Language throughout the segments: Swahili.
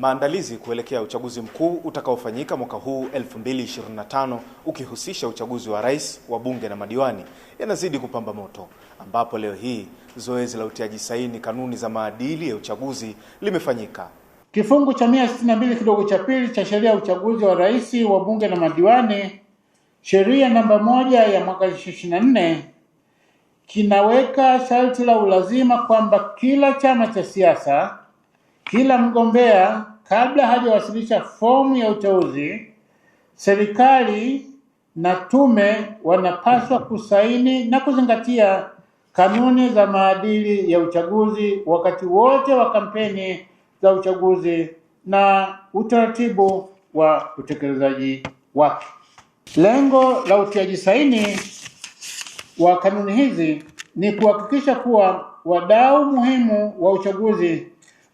Maandalizi kuelekea uchaguzi mkuu utakaofanyika mwaka huu 2025 ukihusisha uchaguzi wa rais, wa bunge na madiwani yanazidi kupamba moto, ambapo leo hii zoezi la utiaji saini kanuni za maadili ya uchaguzi limefanyika. Kifungu cha 162 kidogo cha pili cha sheria ya uchaguzi wa rais, wa bunge na madiwani, sheria namba moja ya mwaka 2024 kinaweka sharti la ulazima kwamba kila chama cha siasa kila mgombea kabla hajawasilisha fomu ya uteuzi, serikali na tume wanapaswa kusaini na kuzingatia kanuni za maadili ya uchaguzi wakati wote wa kampeni za uchaguzi na utaratibu wa utekelezaji wake. Lengo la utiaji saini wa kanuni hizi ni kuhakikisha kuwa wadau muhimu wa uchaguzi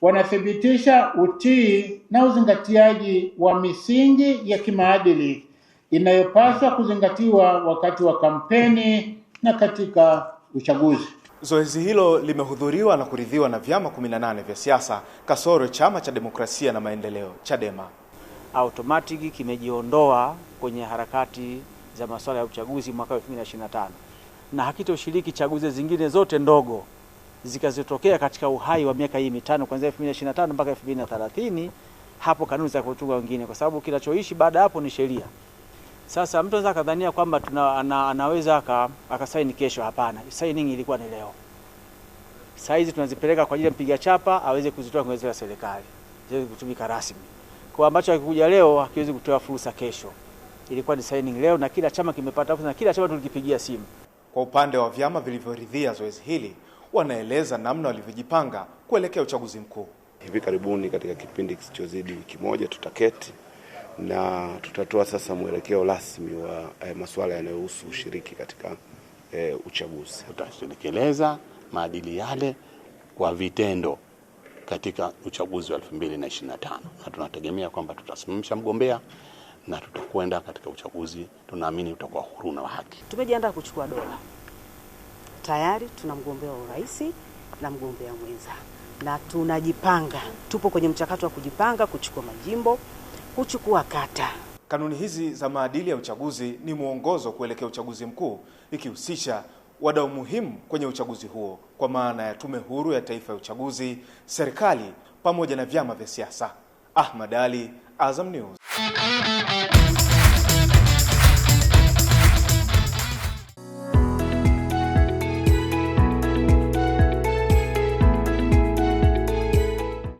wanathibitisha utii na uzingatiaji wa misingi ya kimaadili inayopaswa kuzingatiwa wakati wa kampeni na katika uchaguzi. Zoezi hilo limehudhuriwa na kuridhiwa na vyama 18 vya siasa kasoro chama cha demokrasia na maendeleo Chadema. Automatic kimejiondoa kwenye harakati za masuala ya uchaguzi mwaka 2025 na hakitoshiriki chaguzi zingine zote ndogo zikazotokea katika uhai wa miaka hii mitano kuanzia 2025 mpaka 2030, hapo kanuni za kutunga wengine, kwa sababu kinachoishi baada hapo ni sheria. Sasa mtu anaweza kadhania kwamba tuna, ana, anaweza aka, akasaini kesho. Hapana, signing ilikuwa ni leo. Saizi tunazipeleka kwa ajili ya mpiga chapa aweze kuzitoa kwenye serikali ziweze kutumika rasmi. Kwa ambacho akikuja leo hakiwezi kutoa fursa kesho. Ilikuwa ni signing leo, na kila chama kimepata fursa, na kila chama tulikipigia simu. Kwa upande wa vyama vilivyoridhia zoezi hili wanaeleza namna walivyojipanga kuelekea uchaguzi mkuu. Hivi karibuni katika kipindi kisichozidi wiki moja, tutaketi na tutatoa sasa mwelekeo rasmi wa eh, masuala yanayohusu ushiriki katika eh, uchaguzi. Tutatekeleza maadili yale kwa vitendo katika uchaguzi wa 2025 na tunategemea kwamba tutasimamisha mgombea na tutakwenda katika uchaguzi, tunaamini utakuwa huru na wa haki. Tumejiandaa kuchukua dola tayari tuna mgombea wa urais na mgombea mwenza, na tunajipanga, tupo kwenye mchakato wa kujipanga kuchukua majimbo, kuchukua kata. Kanuni hizi za maadili ya uchaguzi ni mwongozo kuelekea uchaguzi mkuu, ikihusisha wadau muhimu kwenye uchaguzi huo, kwa maana ya Tume Huru ya Taifa ya Uchaguzi, serikali pamoja na vyama vya siasa. Ahmad Ali, Azam News.